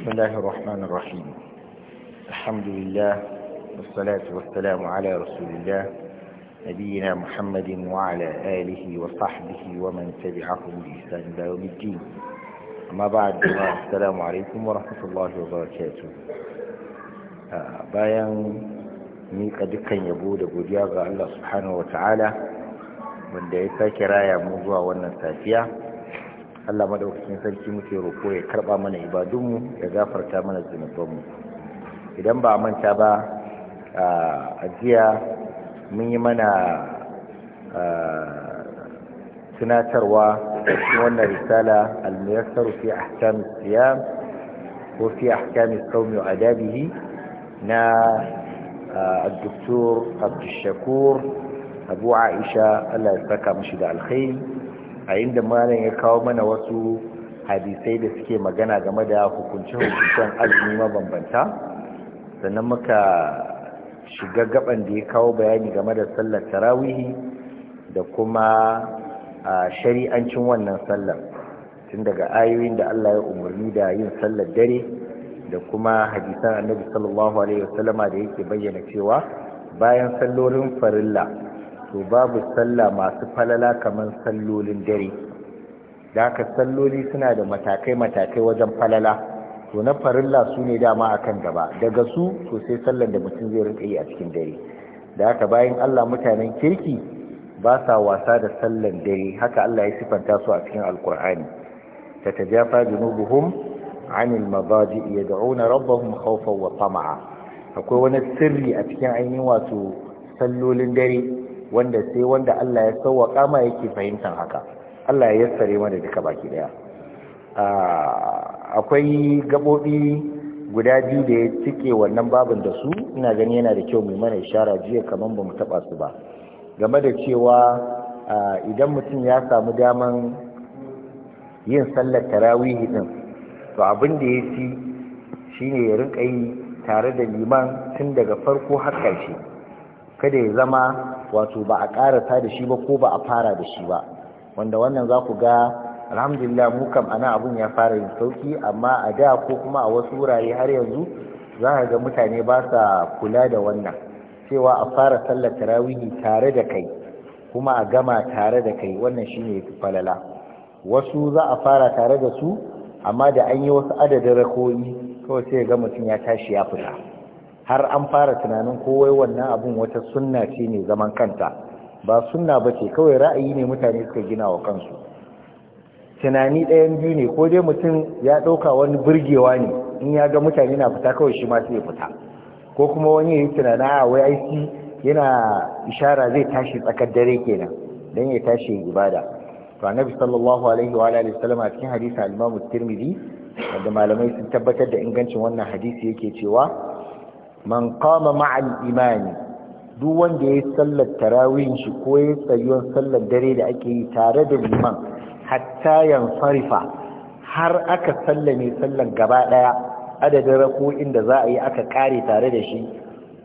بسم الله الرحمن الرحيم الحمد لله والصلاة والسلام على رسول الله نبينا محمد وعلى آله وصحبه ومن تبعهم بإحسان إلى يوم الدين أما بعد السلام عليكم ورحمة الله وبركاته بيان miƙa dukkan يبود أبو godiya الله سبحانه وتعالى من ta'ala wanda موضوع ونساتيه Allah madaukakin sarki muke roko ya karba mana ibadunmu ya gafarta mana mu idan ba manta ba a jiya mun yi mana tunatarwa wannan risala al-muyassar fi ahkam siyam ko fi ahkam as wa adabihi na الدكتور abu aisha allah ya saka mashi da alkhairi a inda malam ya kawo mana wasu hadisai da suke magana game da hukunce-hukuncen azumi mabambanta sannan muka shiga gaban da ya kawo bayani game da sallar tarawihi da kuma shari'ancin wannan sallar tun daga ayoyin da Allah ya umarni da yin sallar dare da kuma hadisan annabi sallallahu alaihi wasallama da yake bayyana cewa bayan sallolin farilla to babu sallah masu falala kamar sallolin dare da haka salloli suna da matakai-matakai wajen falala to na farilla su ne dama akan gaba daga su to sai sallan da mutum zai rinka yi a cikin dare da haka bayan Allah mutanen kirki ba sa wasa da sallan dare haka Allah ya sifanta su a cikin alkur'ani tatajafa junubuhum Ya المضاجع rabbahum khawfan wa tama'a akwai wani sirri a cikin ainihin wato sallolin dare wanda sai wanda Allah ya sauwaka kama yake fahimtar haka Allah ya yassare mana duka baki daya akwai gabobi guda biyu da ya cike wannan babin da su ina gani yana da kyau mai mana ishara jiya kamar ba mu taba su ba game da cewa idan mutum ya samu daman yin sallar tarawihi din to abin da ya ci shine ya rinka yi tare da liman tun daga farko har ƙarshe kada ya zama wato ba a karata da shi ba ko ba a fara da shi ba wanda wannan za ku ga alhamdulillah mu kam ana abun ya fara yin sauki amma a da ko kuma a wasu wurare har yanzu za ka ga mutane ba sa kula da wannan cewa a fara sallar tarawihi tare da kai kuma a gama tare da kai wannan shine falala wasu za a fara tare da su amma da an yi wasu adadin rakoyi kawai sai ga mutum ya tashi ya fita har an fara tunanin kowai wannan abun wata sunna ce ne zaman kanta ba sunna ba ce kawai ra'ayi ne mutane suka gina wa kansu tunani ɗayan biyu ne ko dai mutum ya ɗauka wani burgewa ne in ya ga mutane na fita kawai shi ma ya fita ko kuma wani ya yi tunana a wai aiki yana ishara zai tashi tsakar dare kenan don ya tashi ibada to annabi sallallahu alaihi wa alihi wasallam a cikin hadisi al-Imam Tirmidhi wanda malamai sun tabbatar da ingancin wannan hadisi yake cewa man qama ma'al imani duk wanda ya sallar tarawihin shi ko ya tsayuwar sallar dare da ake yi tare da liman hatta yan farifa har aka sallame sallar gaba daya adadin rako'in da za a yi aka kare tare da shi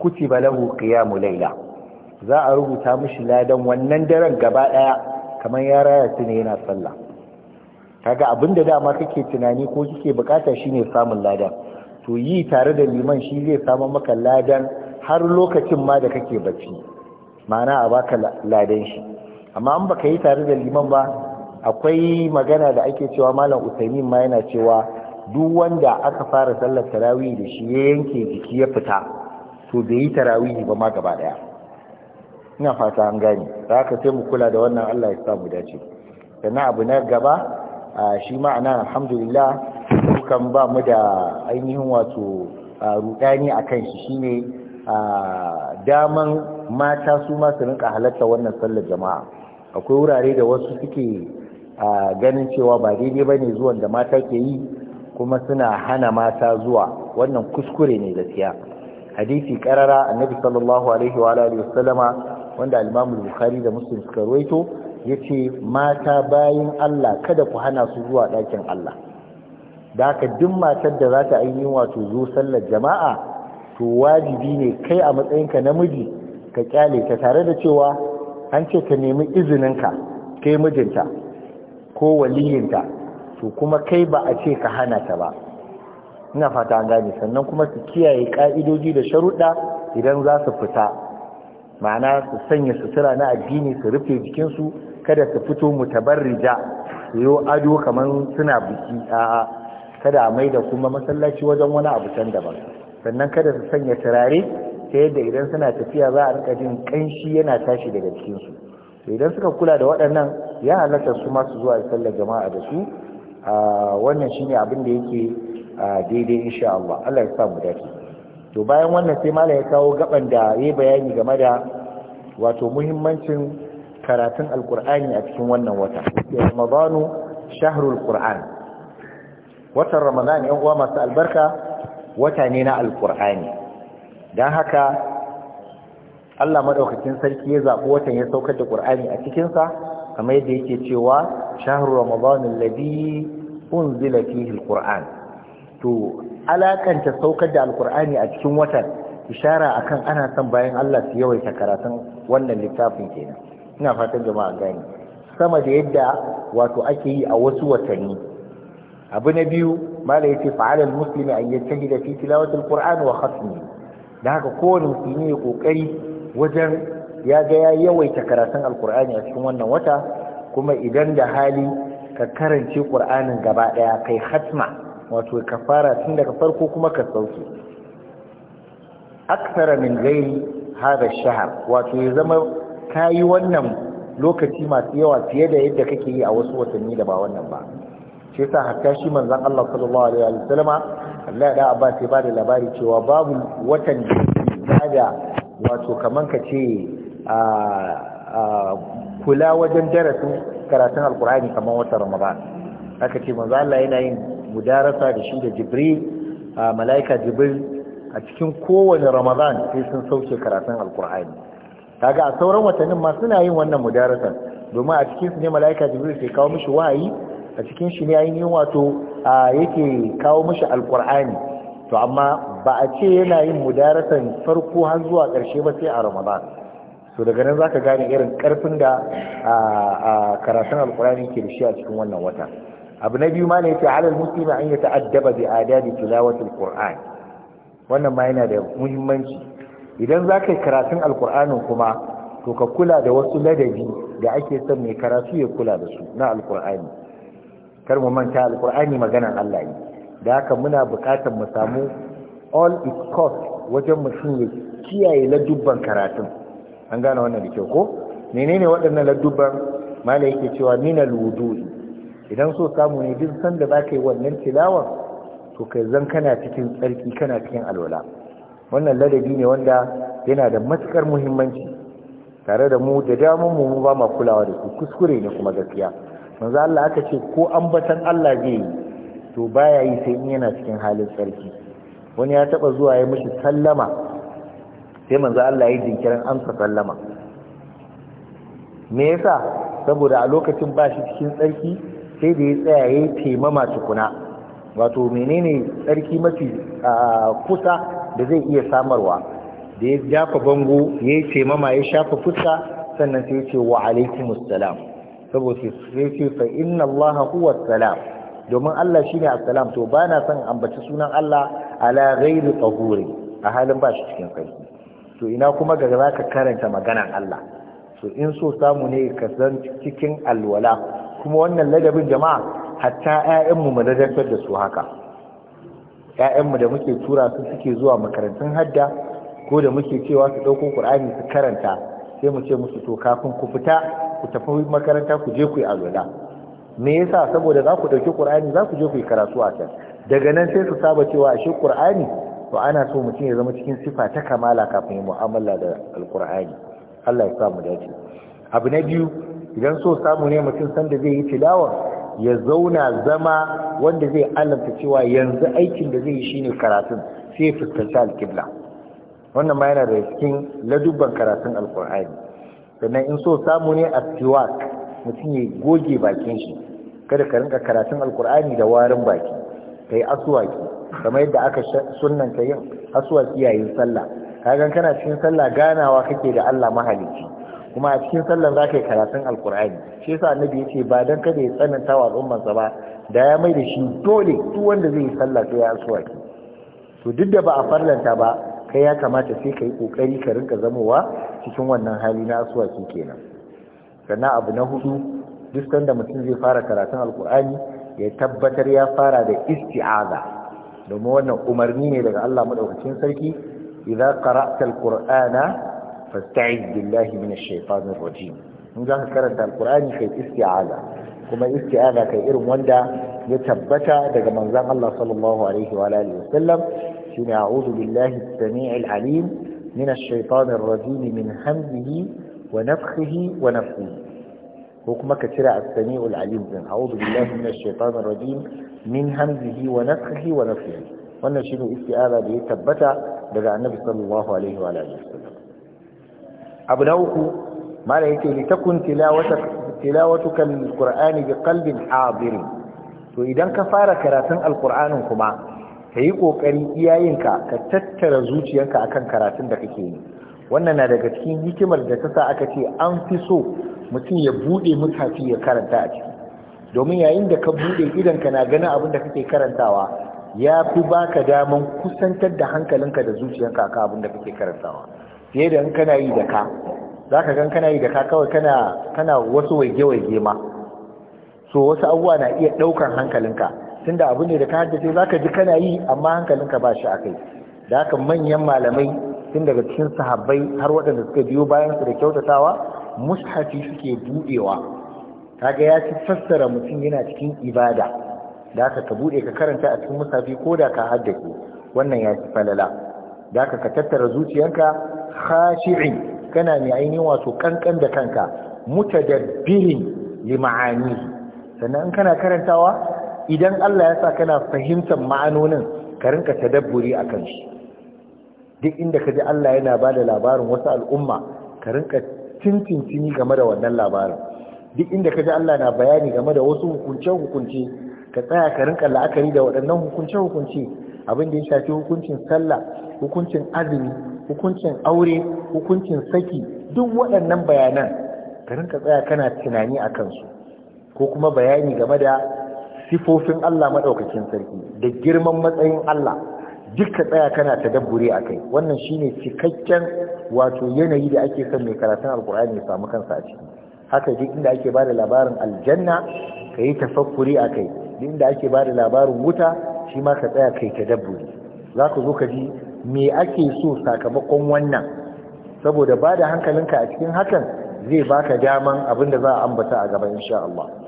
kutiba lahu qiyamu layla za a rubuta mishi ladan wannan daren gaba daya kamar ya raya su ne yana sallah kaga abinda dama kake tunani ko kike bukata shine samun ladan to yi tare da liman shi zai samu maka ladan har lokacin ma da kake bacci ma'ana a baka ladan shi amma an baka yi tare da liman ba akwai magana da ake cewa malam usaini ma yana cewa duk wanda aka fara sallar tarawih da shi ya yanke jiki ya fita to bai yi tarawih ba ma gaba daya ina fata an gane za ka sai mu kula da wannan Allah ya sa mu dace sannan abu na gaba shi ma'ana alhamdulillah kan ba mu da ainihin wato rudani a kan shi shine daman mata su ma su rinka halatta wannan sallar jama'a akwai wurare da wasu suke ganin cewa ba daidai ba ne zuwan da mata ke yi kuma suna hana mata zuwa wannan kuskure ne gaskiya hadisi karara annabi sallallahu alaihi wa alihi wasallama wanda al-Imam Bukhari da Muslim suka ruwaito yace mata bayan Allah kada ku hana su zuwa ɗakin Allah da duk matar da za ta ainihin wato zo sallar jama'a to wajibi ne kai a matsayinka namiji ka kyale ta tare da cewa an ce ka nemi izininka kai mijinta ko waliyinta to kuma kai ba a ce ka hana ta ba ina fata an gane sannan kuma su kiyaye ka'idoji da sharuɗa idan za su fita ma'ana su sanya sutura na addini su rufe jikinsu kada su fito mutabarrija rija. yi ado kamar suna biki a'a kada a mai da kuma masallaci wajen wani abu can daban sannan kada su sanya turare ta yadda idan suna tafiya za a rika jin kanshi yana tashi daga cikinsu to idan suka kula da waɗannan ya halatta su masu zuwa sallar jama'a da su wannan shine abin da yake daidai insha Allah Allah ya sa mu dace to bayan wannan sai mala ya kawo gaban da yayi bayani game da wato muhimmancin karatun alqur'ani a cikin wannan wata ya Ramadanu shahrul qur'an watan ramadan yan uwa masu albarka wata ne na alkur'ani don haka Allah madaukakin sarki ya zaɓi watan ya saukar da ƙur'ani a cikinsa kamar yadda yake cewa shahru ramadan alladhi unzila fihi alquran to alakanta saukar da alkur'ani a cikin watan ishara akan ana son bayan Allah su yawaita karatun wannan littafin kenan ina fatan jama'a gani sama da yadda wato ake yi a wasu watanni abu na biyu Malam yace fa'ala al-muslimi an yajtahida da tilawati al-qur'an wa khatmi da haka kowane musulmi ya ƙoƙari wajen ya ga ya yawaita karatun alkur'ani a cikin wannan wata kuma idan da hali ka karance qur'anin gaba ɗaya kai hatma wato ka fara tun daga farko kuma ka sauke aksara min gairi hada shahar wato ya zama kayi wannan lokaci masu yawa fiye da yadda kake yi a wasu watanni da ba wannan ba shi yasa hatta shi manzon Allah sallallahu alaihi wa sallama Allah da sai ba bada labari cewa babu watan da wato kaman ka ce kula wajen darasin karatun alqur'ani kaman watan ramadan aka ce manzon Allah yana yin mudarasa da shi da jibril malaika jibril a cikin kowane ramadan sai sun sauke karatun alkur'ani kaga a sauran watannin ma suna yin wannan mudarasa domin a cikin su ne malaika jibril sai kawo mishi wahayi a cikin shi ne ainihin wato yake kawo mashi alkur'ani to amma ba a ce yana yin mudaratan farko har zuwa ƙarshe ba sai a ramadan to daga nan zaka gane irin ƙarfin da karatun alkur'ani ke da shi a cikin wannan wata abu na biyu ma ne yace halal muslimi an yi ta'addaba bi adabi tilawati alqur'an wannan ma yana da muhimmanci idan zaka karatun alkur'ani kuma to ka kula da wasu ladabi da ake son mai karatu ya kula da su na alkur'ani kar mu manta alqur'ani maganan Allah ne da haka muna buƙatar mu samu all its cost wajen mutum ya kiyaye ladubban karatun an gane wannan da kyau ko menene waɗannan ladubban malai yake cewa minal wudu'i idan so samu ne duk sanda za ka yi wannan tilawar to kai zan kana cikin tsarki kana cikin alwala wannan ladabi ne wanda yana da matukar muhimmanci tare da mu da damun mu ba ma kulawa da su kuskure ne kuma gaskiya manzo Allah aka ce ko ambatan Allah zai to baya yi sai in yana cikin halin tsarki wani ya taba zuwa ya mishi sallama sai manzo Allah ya jinkirin amsa sallama me yasa saboda a lokacin ba shi cikin tsarki sai da ya tsaya ya taimama tukuna wato menene tsarki mafi kusa da zai iya samarwa da ya jafa bango ya yi taimama ya shafa fuska sannan sai ya ce wa alaikumus salam saboda sai ce fa inna allaha huwa salam domin Allah shine assalam to ba na son ambaci sunan Allah ala ghairi tahuri a halin ba shi cikin sarki to ina kuma ga zaka karanta maganan Allah so in so samu ne ka san cikin alwala kuma wannan ladabin jama'a hatta ƴaƴanmu mu ladantar da su haka ƴaƴanmu da muke tura su suke zuwa makarantun hadda ko da muke cewa su ɗauko ƙur'ani su karanta sai mu ce musu to kafin ku fita ku tafi makaranta ku je ku yi alwala me yasa saboda za ku ɗauki ƙur'ani za ku je ku yi karatu a can daga nan sai su saba cewa ashe ƙur'ani to ana so mutum ya zama cikin sifa ta kamala kafin ya mu'amala da alƙur'ani Allah ya sa mu dace abu na biyu idan so samu ne mutum san da zai yi tilawar ya zauna zama wanda zai alanta cewa yanzu aikin da zai yi shine karatun sai ya fuskanci alƙibla wannan ma yana da cikin ladubban karatun alƙur'ani sannan in so samu ne a siwak mutum ya goge bakin shi kada ka rinka karatun alkur'ani da warin baki kai asuwaki, kamar yadda aka sunnanta yin asuwaki yayin sallah kagan kana cikin sallah ganawa kake da Allah mahalicci kuma a cikin sallan za ka yi karatun alkur'ani shi yasa annabi ya ce ba don kada ya tsananta wa al'ummarsa ba da ya mai da shi dole duk wanda zai yi sallah sai ya asuwaki. to duk da ba a farlanta ba kai ya kamata sai ka yi ƙoƙari ka rinka zamowa cikin wannan hali na asuwaki kenan sannan abu na hudu duk sanda mutum zai fara karatun alkur'ani ya tabbatar ya fara da isti'aza domin wannan umarni ne daga Allah maɗaukacin sarki idza qara'ta alqur'ana fasta'iz billahi minash shaitanir rajim in za ka karanta alkur'ani kai isti'aza kuma isti'aza kai irin wanda ya tabbata daga Manzan Allah sallallahu alaihi wa alihi لكن أعوذ بالله السميع العليم من الشيطان الرجيم من همزه ونفخه ونفخه حكمة كثيرة السميع العليم أعوذ بالله من الشيطان الرجيم من همزه ونفخه ونفخه ونشن استئابة ليتبتع بدع النبي صلى الله عليه وعلى آله وسلم أبنوك ما رأيته لتكن تلاوتك تلاوتك للقرآن بقلب حاضر وإذا كفار راتن القرآن كما ka yi ƙoƙari iyayenka ka tattara zuciyarka akan karatun da kake yi wannan na daga cikin hikimar da ta sa aka ce an fi so mutum ya buɗe mutafi ya karanta a ciki domin yayin da ka buɗe idanka na ganin abin da kake karantawa ya fi baka daman kusantar da hankalinka da zuciyarka akan abin da kake karantawa fiye da in kana yi da ka za ka gan kana yi da ka kawai kana wasu waige-waige ma so wasu abubuwa na iya ɗaukar hankalinka tunda abu ne da ka haddace ka ji kana yi amma hankalinka ba shi akai da haka manyan malamai tun daga cikin sahabbai har waɗanda suka biyo bayan su da kyautatawa mushafi suke budewa kaga ya ci fassara mutum yana cikin ibada da haka ka buɗe ka karanta a cikin mushafi ko da ka haddace wannan ya ci falala da haka ka tattara zuciyanka khashi'in kana mai ainihin wato kankan da kanka mutadabbirin lima'ani ma'ani sannan in kana karantawa idan Allah ya sa kana fahimtar ma'anonin ka rinka tadabburi kan shi duk inda ka ji Allah yana ba da labarin wasu al'umma ka rinka cincincini game da wannan labarin duk inda ka ji Allah na bayani game da wasu hukunce-hukunce ka tsaya ka rinka la'akari da waɗannan hukunce-hukunce abin da ya shafi hukuncin sallah hukuncin azumi hukuncin aure hukuncin saki duk waɗannan bayanan ka rinka tsaya kana tunani a kansu ko kuma bayani game da sifofin Allah maɗaukakin sarki da girman matsayin Allah ka tsaya kana ta tadabburi akai wannan shine cikakken wato yanayi da ake son mai karatun alkur'ani ya samu kansa a ciki haka duk inda ake bada labarin aljanna ka yi tafakkuri akai duk inda ake bada labarin wuta shi ma ka tsaya kai ta tadabburi za ka zo ka ji me ake so sakamakon wannan saboda ba da hankalinka a cikin hakan zai baka daman abin da za a ambata a gaba insha Allah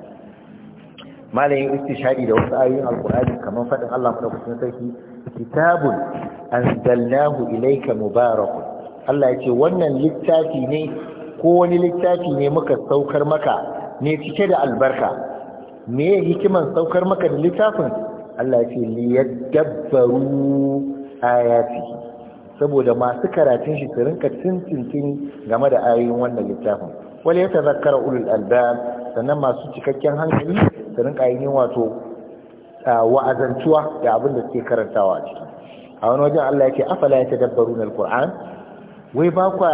malayin istishadi da wasu ayoyin alkur'ani kamar faɗin Allah madaukakin sarki kitabun anzalnahu ilaika mubarak. Allah ce wannan littafi ne ko wani littafi ne muka saukar maka ne cike da albarka me hikiman saukar maka da littafin Allah yace liyadabbaru ayati saboda masu karatun shi su rinka tintintini game da ayoyin wannan littafin wala yatadhakkara ulul albab sannan masu cikakken hankali su rinka yin wato wa'azantuwa da abin da suke karantawa a ciki a wani wajen Allah yake afala ya tadabbaru na alkur'an wai ba kwa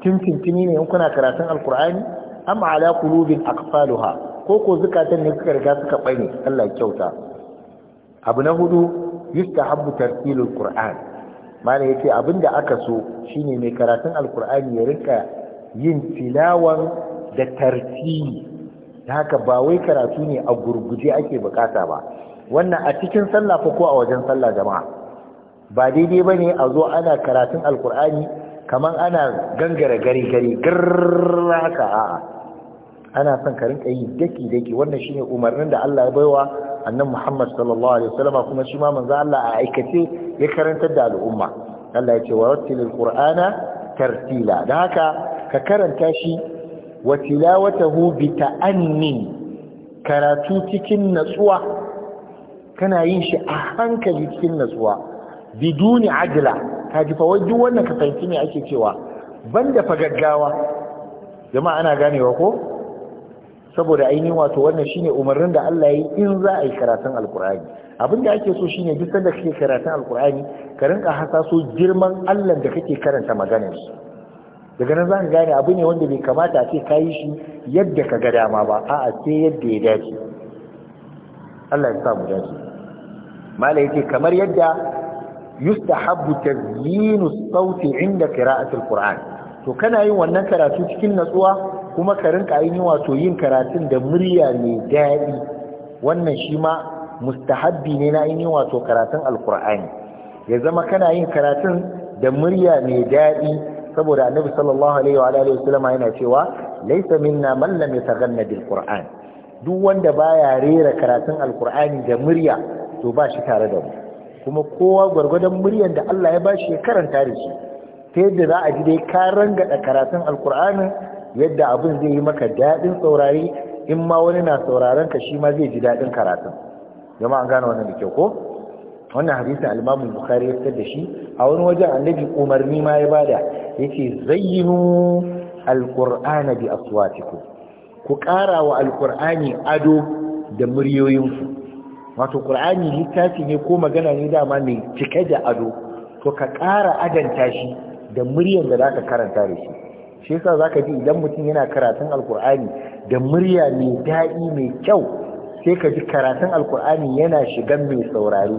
tintintini ne in kuna karatun alkur'ani amma ala kulubin akfaluha ko ko zukatan ne suka riga suka bane Allah kyauta abu na hudu yustahabbu tartilul qur'an mana yace abinda aka so shine mai karatun alkur'ani ya rinka yin tilawan da tartili da haka ba wai karatu ne a gurguje ake bukata ba wannan a cikin sallah fa ko a wajen sallah jama'a ba daidai ba ne a zo ana karatun alkur'ani kamar ana gangara gari gari garra haka a'a ana son ka rinka yi daki daki wannan shine umarnin da Allah ya baiwa annabi Muhammad sallallahu alaihi wasallam kuma shi ma manzo Allah a aikace ya karantar da al'umma Allah ya ce warattilil qur'ana tartila dan haka ka karanta shi wa Hubi bi ta'annin karatu cikin natsuwa kana yin shi a hankali cikin natsuwa biduni ajala. ka ji fa duk wannan ka fahimci me ake cewa banda fa gaggawa jama'a ana ganewa ko saboda ainihin wato wannan shine umarnin da Allah ya yi in za a yi karatun alkur'ani abin da ake so shine duk sanda kake karatun alkur'ani ka rinka hasaso girman Allah da kake karanta maganar shi daga nan za ka gane abu ne wanda bai kamata a ce ka yi shi yadda ka ga dama ba a'a sai yadda ya dace Allah ya samu dace mala yake kamar yadda yustahabbu tazyinu sauti inda qira'atul qur'an to kana yin wannan karatu cikin natsuwa kuma ka rinka yin wato yin karatun da murya mai daɗi wannan shi ma mustahabbi ne na yin wato karatun alkur'ani ya zama kana yin karatun da murya mai daɗi saboda annabi sallallahu alaihi wa alihi wasallam yana cewa laysa minna man lam yataghanna bil qur'an duk wanda baya rera karatun alqur'ani da murya to ba shi tare da mu kuma kowa gwargwadon muryan da Allah ya bashi ya karanta da shi ta yadda za a ji dai ka rangada karatun alqur'ani yadda abun zai yi maka dadin saurari, in ma wani na sauraron ka shi ma zai ji dadin karatun jama'a an gane wannan da kyau ko wannan hadisin al-Imam Bukhari ya da shi a wani wajen Annabi umarni ma ya bada yace zayyinu al-Qur'ana bi aswatikum ku ƙara wa al-Qur'ani ado da muryoyinku wato ƙur'ani littafi ne ko magana ne dama mai cike da ado to ka ƙara adanta shi da muryan da zaka karanta da shi shi yasa zaka ji idan mutum yana karatun al-Qur'ani da murya mai daɗi mai kyau sai ka ji karatun alkur'ani yana shigan mai saurari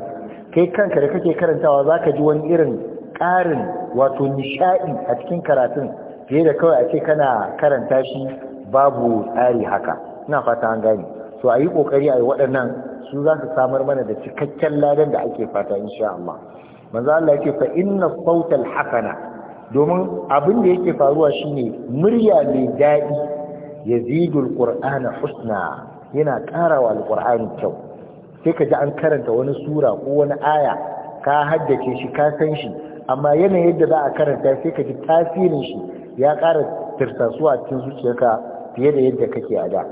kai kanka da kake karantawa za ka ji wani irin ƙarin wato nishaɗi a cikin karatun fiye da kawai ake kana karanta shi babu tsari haka ina fata an gane so a yi ƙoƙari a yi waɗannan su za su samar mana da cikakken ladan da ake fata insha Allah manzo Allah yake fa inna sautal hasana domin abin da yake faruwa shine murya mai daɗi yazidul qur'ana husna yana ƙarawa wa alqur'ani kyau sai ka ji an karanta wani sura ko wani aya ka haddace shi ka san shi amma yanayin yadda za a karanta sai ka ji tasirin shi ya ƙara tirsasuwa cikin zuciyarka fiye da yadda kake a da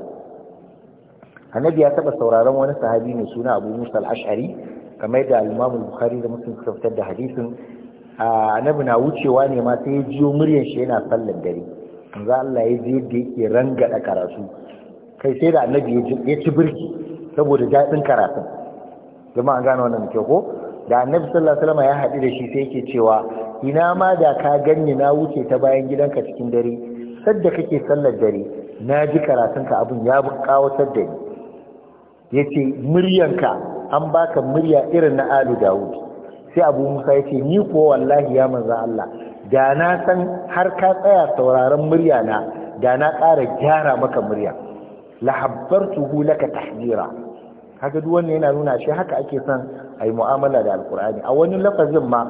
annabi ya taɓa sauraron wani sahabi mai suna abu musa al-ash'ari kamar da al-imam bukhari da muslim suka fitar da hadisin annabi na wucewa ne ma sai ya jiyo muryar shi yana sallar dare manzo Allah ya je yadda yake rangada karatu kai sai da annabi ya ci birki saboda daɗin karatun zama an gano wannan ke ko da annabi sallallahu alaihi wasallam ya haɗu da shi sai yake cewa ina ma da ka ganni na wuce ta bayan gidanka cikin dare sadda kake sallar dare na ji ka abin ya kawatar da ni yace muryanka an baka murya irin na da dawud sai abu musa yace ni ko wallahi ya manzo Allah da na san har ka tsaya sauraron murya na da na ƙara gyara maka murya la habbartuhu laka tahdira kaga duk wannan yana nuna shi haka ake son ayi mu'amala da alqur'ani a wani lafazin ma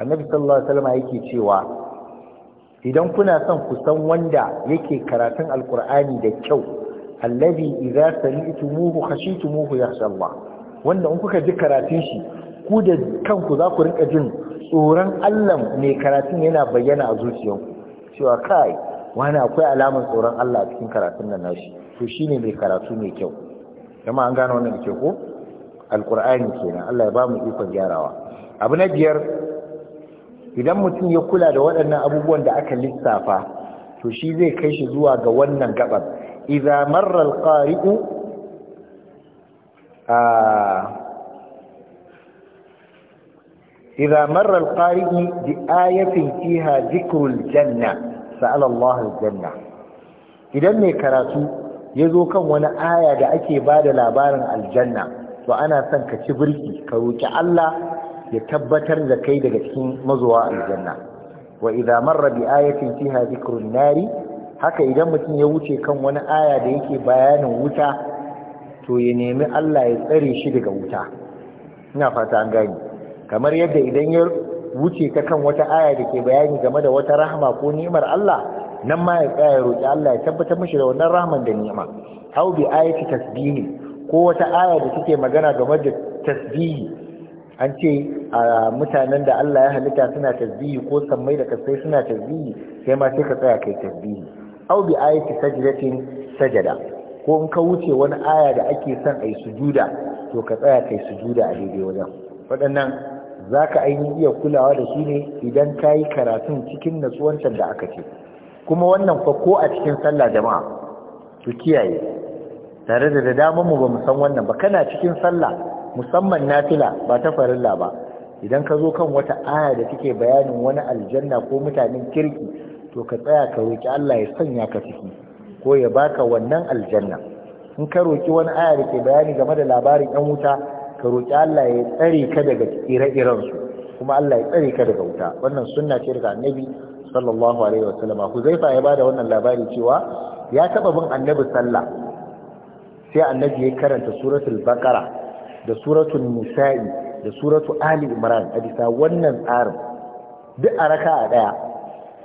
annabi sallallahu alaihi wasallam yake cewa idan kuna son ku san wanda yake karatun alqur'ani da kyau allazi idza sami'tumuhu khashitumuhu yakhsha Allah wanda in kuka ji karatun shi ku da kanku za ku rinka jin tsoron Allah mai karatun yana bayyana a zuciyarku cewa kai wani akwai alamar tsoron Allah a cikin karatun nan nashi to shine mai karatu mai kyau kuma an gano wannan ke ko alkur'ani kenan Allah ya ba mu ikon gyarawa abu na biyar idan mutum ya kula da waɗannan abubuwan da aka lissafa to shi zai kai shi zuwa ga wannan gabar idza marra alqari'u idza marra alqari'u bi ayatin fiha dhikrul janna sa'ala Allah aljanna idan mai karatu ya zo kan wani aya da ake ba da labarin aljanna to ana son ka ci birki ka roƙi Allah ya tabbatar da kai daga cikin mazuwa aljanna wa idza marra bi ayatin fiha dhikrun nari haka idan mutum ya wuce kan wani aya da yake bayanin wuta to ya nemi Allah ya tsare shi daga wuta ina fata an gani kamar yadda idan ya wuce ta kan wata aya da ke bayani game da wata rahma ko ni'imar Allah nan ma ya tsaya ya roƙi Allah ya tabbatar mishi da wannan rahman da ni'ima aw bi ayati tasbihi ko wata aya da take magana game da tasbihi an ce a mutanen da Allah ya halitta suna tasbihi ko sammai da kasai suna tasbihi sai ma sai ka tsaya kai tasbihi aw bi ayati sajdatin sajada ko in ka wuce wani aya da ake son ai sujuda to ka tsaya kai sujuda a daidai wajen waɗannan za ka ainihin iya kulawa da shi ne idan ka yi karatun cikin natsuwancan da aka ce kuma wannan fa ko a cikin sallah jama'a to kiyaye tare da da damar mu ba mu san wannan ba kana cikin sallah musamman nafila ba ta farilla ba idan ka zo kan wata aya da take bayanin wani aljanna ko mutanen kirki to ka tsaya ka roki Allah ya sanya ka ciki ko ya baka wannan aljanna in ka roki wani aya da ke bayani game da labarin yan wuta ka roki Allah ya tsare ka daga ire-iren su kuma Allah ya tsare ka daga wuta wannan sunna ce daga annabi sallallahu alaihi wasallama huzaifa ya bada wannan labari cewa ya taba bin annabi sallah sai annabi ya karanta suratul baqara da suratul nisa'i da suratul ali imran a bisa wannan tsarin duk a raka'a daya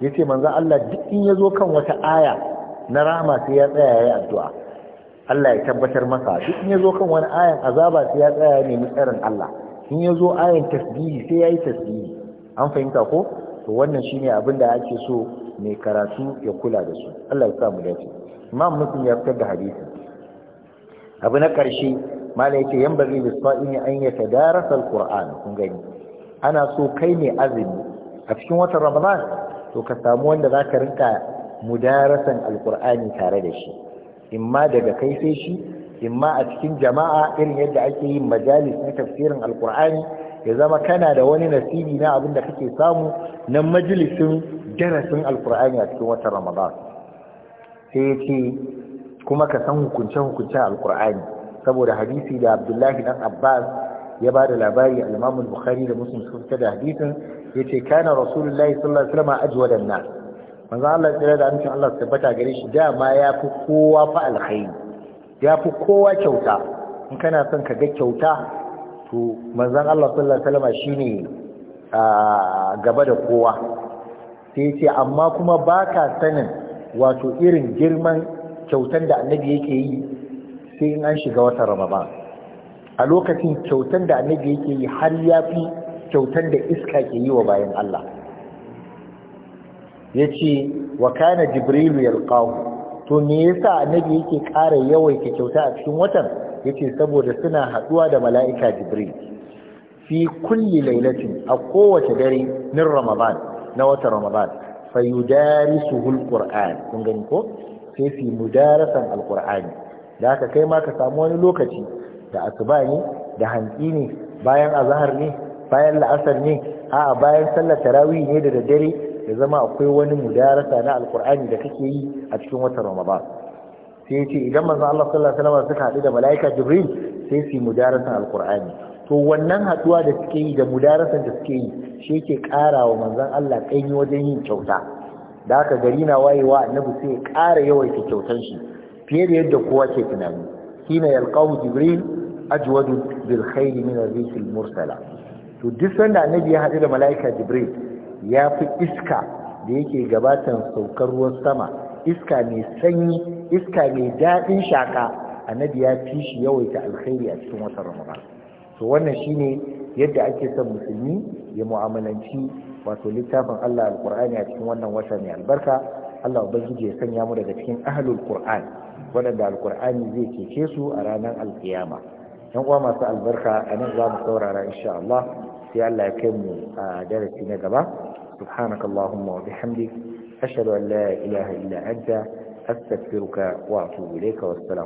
yace manzo Allah duk in yazo kan wata aya na rama sai ya tsaya yayi addu'a Allah ya tabbatar masa duk in yazo kan wani ayan azaba sai ya tsaya ne tsarin Allah in yazo ayan tasbihi sai yayi tasbihi an fahimta ko to wannan ne abin da ake so mai karatu ya kula da su Allah ya sa mu dace imam muslim ya fitar da hadisi abu na ƙarshe mala yake yanbaghi lis-sa'imi an yatadarasa al-qur'an kun gani ana so kai ne azumi a cikin watan ramadan to ka samu wanda zaka rinka mudarasan darasan qurani tare da shi imma daga kai sai shi imma a cikin jama'a irin yadda ake yin majalis na tafsirin al ya zama kana da wani nasibi na abin da kake samu na majalisin darasin alkur'ani a cikin watan ramadan sai ya ce kuma ka san hukunce-hukuncen alkur'ani saboda hadisi da abdullahi dan abbas ya ba da labari al bukari bukhari da muslim fita da hadisin yace kana rasulullahi sallallahu alaihi wasallam ajwadan nas manzo Allah ya tsira da amincin Allah su tabbata gare shi dama ya fi kowa fa alkhairi ya fi kowa kyauta in kana son ka ga kyauta to manzon Allah sallallahu alaihi wasallam shine a gaba da kowa sai ce amma kuma baka sanin wato irin girman kyautan da annabi yake yi sai in an shiga watan Ramadan a lokacin kyautan da annabi yake yi har yafi kyautan da iska ke yi wa bayan Allah yace wa kana jibril yalqahu to me yasa annabi yake ƙara yawaita kyauta a cikin watan yace saboda suna haduwa da mala'ika jibril fi kulli lailatin a kowace dare na ramadan na watan ramadan yudarisuhu alquran kun gani ko sai fi mudarasan alqurani da haka kai ma ka samu wani lokaci da asuba ne da hantsi ne bayan azhar ne bayan la'asar ne a'a bayan sallar tarawih ne da daddare ya zama akwai wani mudarasa na alqurani da kake yi a cikin watan ramadan sai ce idan manzo Allah sallallahu alaihi wasallam suka haɗu da malaika Jibril sai su mudarasan alqur'ani to wannan haduwa da suke yi da mudarasan da suke yi shi yake ƙara wa manzon Allah ƙaimi wajen yin kyauta da haka gari na wayewa annabi sai ya ƙara yawaita kyautan shi fiye da yadda kowa ke tunani hina yalqahu Jibril ajwadu bil khayli min ar-rihil mursala to duk sanda annabi ya haɗu da malaika Jibril ya fi iska da yake gabatan saukar ruwan sama iska mai sanyi iska mai daɗin shaƙa annabi ya fi shi yawaita alkhairi a cikin watan ramadan to wannan shine yadda ake son musulmi ya mu'amalanci wato littafin Allah alqur'ani a cikin wannan wata mai albarka Allah ubangiji ya sanya mu daga cikin ahlul qur'an wanda alqur'ani zai cece su a ranar alkiyama yan uwa masu albarka a nan za mu saurara insha Allah sai Allah ya kai mu a darasi na gaba subhanakallahumma wa bihamdik ashhadu an la ilaha illa anta astaghfiruka wa atubu ilayka wassalamu